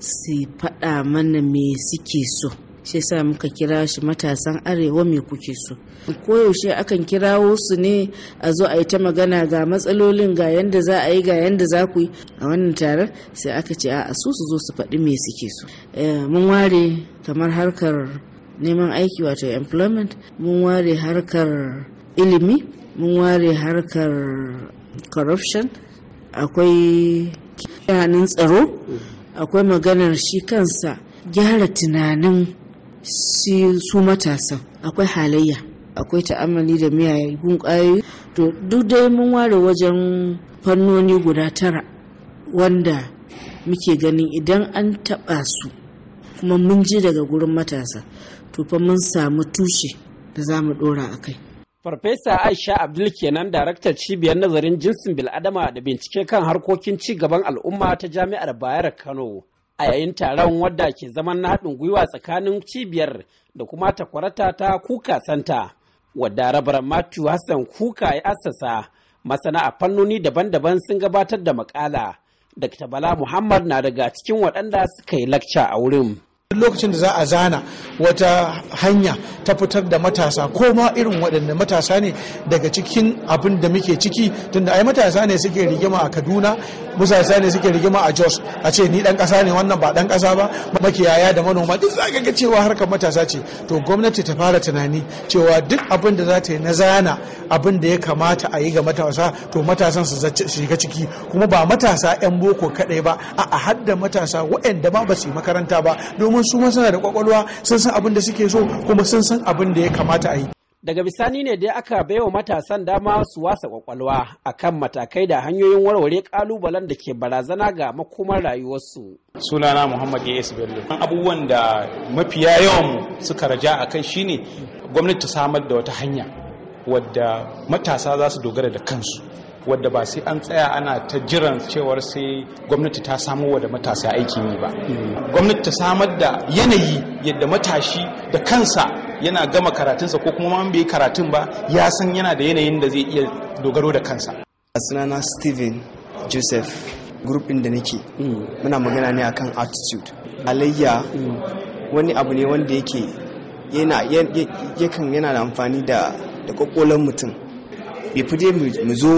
su faɗa mana me suke so shi sa muka kira shi matasan arewa me kuke so koyaushe akan kirawo su ne a zo a yi ta magana ga matsalolin ga yanda za a yi ga yanda za ku yi a wannan taron sai aka ce a su su zo su faɗi me suke so eh, mun ware kamar harkar neman aiki wato employment mun ware harkar ilimi mun ware harkar corruption akwai hannun tsaro akwai maganar shi kansa gyara tunanin su matasan akwai halayya akwai ta'amali da miyagun ƙwayoyi to duk dai mun ware wajen fannoni guda tara wanda muke ganin idan an taɓa su kuma mun ji daga gurin matasa to fa mun samu tushe da za mu ɗora a kai Farfesa Aisha Abdul kenan daraktar cibiyar nazarin jinsin bil'adama da bincike kan harkokin ci gaban al'umma ta jami'ar Bayar Kano. A yayin taron wadda ke zaman na haɗin gwiwa tsakanin cibiyar da kuma takwarata ta kuka santa, wadda rabar Matthew Hassan kuka ya assasa masana a fannoni daban-daban sun gabatar da makala. Dr. Bala Muhammad na daga cikin waɗanda suka yi lakca a wurin. duk lokacin da za a zana wata hanya ta fitar da matasa ko ma irin waɗanda matasa ne daga cikin abin da muke ciki tunda ai matasa ne suke rigima a kaduna musasa ne suke rigima a jos a ce ni dan ƙasa ne wannan ba dan ƙasa ba makiyaya da manoma duk za ga cewa harkar matasa ce to gwamnati ta fara tunani cewa duk abin da za ta yi na zana abin da ya kamata a yi ga matasa to matasan su shiga ciki kuma ba matasa 'yan boko kaɗai ba har hadda matasa waɗanda ma ba su yi makaranta ba domin kuma su suna da kwakwalwa sun san abin da suke so kuma sun san abin da ya kamata a yi daga bisani ne dai aka baiwa matasan dama su wasa kwakwalwa kan matakai da hanyoyin warware kalubalen da ke barazana ga makomar rayuwarsu sunana muhammad as bello abubuwan da mafiya yawan suka raja a kai shine gwamnati ta samar da wata hanya wadda matasa za su dogara da kansu wadda ba sai an tsaya ana ta jiran cewar sai gwamnati ta samo wa da matasa aikin yi ba gwamnati ta samar da yanayi yadda matashi da kansa yana gama karatunsa ko kuma ma bai karatun ba ya san yana da yanayin da zai iya dogaro da kansa a sunana steven joseph grupin da nake muna magana ne akan attitude Alayya wani abu ne wanda yake yana yakan yana da amfani da da mutum ya fi dai mu zo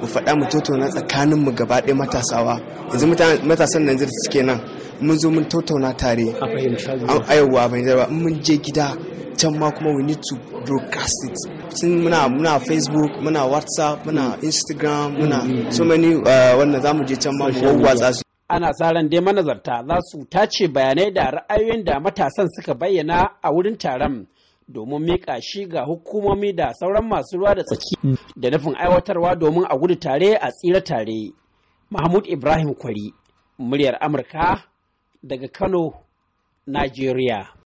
mu faɗa mu tattauna tsakanin mu gaba ɗaya matasawa yanzu matasan nan zai suke nan mun zo mun tattauna tare an ayowa bai in mun je gida can ma kuma we need to broadcast it sun muna muna facebook muna whatsapp muna mm. instagram muna mm. so many uh, wannan zamu je can ma mu wawwatsa su ana sa ran dai manazarta za su tace bayanai da ra'ayoyin da matasan suka bayyana a wurin taron domin miƙa shi ga hukumomi da sauran masu ruwa da tsaki da nufin aiwatarwa domin a gudu tare a tsira tare. Mahmud Ibrahim Kwari, muryar Amurka daga Kano, Najeriya.